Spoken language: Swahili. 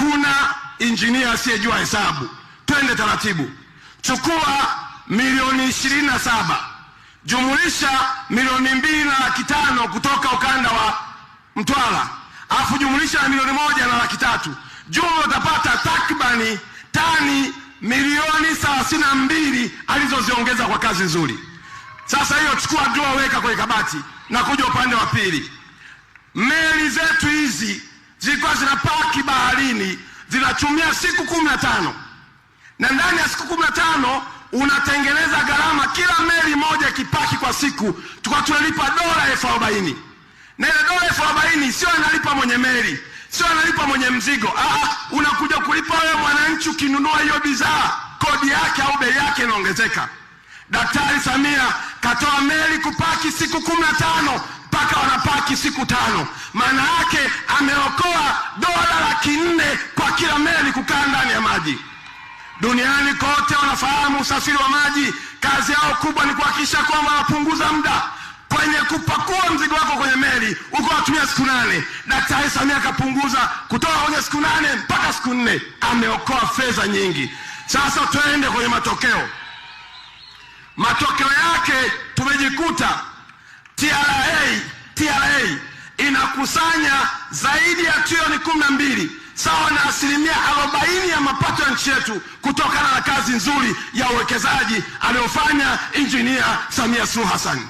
hakuna injinia asiyejua hesabu. Twende taratibu, chukua milioni ishirini na saba jumulisha milioni mbili na laki tano kutoka ukanda wa Mtwara alafu jumulisha na milioni moja na laki tatu jumla utapata takribani tani milioni thelathini na mbili alizoziongeza kwa kazi nzuri. Sasa hiyo chukua jua, weka kwenye kabati na kuja upande wa pili. Meli zetu hizi zilikuwa zinapaki baharini zinachumia siku kumi na tano na ndani ya siku kumi na tano unatengeneza gharama, kila meli moja kipaki kwa siku tukwa tunalipa dola elfu arobaini na ile dola elfu arobaini sio analipa mwenye meli, sio analipa mwenye mzigo. Ah, unakuja kulipa wewe mwananchi ukinunua hiyo bidhaa, kodi yake au bei yake inaongezeka. Daktari Samia katoa meli kupaki siku kumi na tano mpaka wanapaki siku tano. Maana yake ameokoa dola laki nne kwa kila meli kukaa ndani ya maji. Duniani kote wanafahamu usafiri wa maji, kazi yao kubwa ni kuhakikisha kwamba wanapunguza muda kwenye kupakua mzigo wako kwenye meli uko watumia siku nane. Daktari Samia akapunguza kutoka kwenye siku nane mpaka siku nne, ameokoa fedha nyingi. Sasa twende kwenye matokeo. Matokeo yake tumejikuta TRA, TRA inakusanya zaidi ya trilioni kumi na mbili sawa na asilimia arobaini ya mapato ya nchi yetu kutokana na kazi nzuri ya uwekezaji aliyofanya Injinia Samia Suluhu Hassan.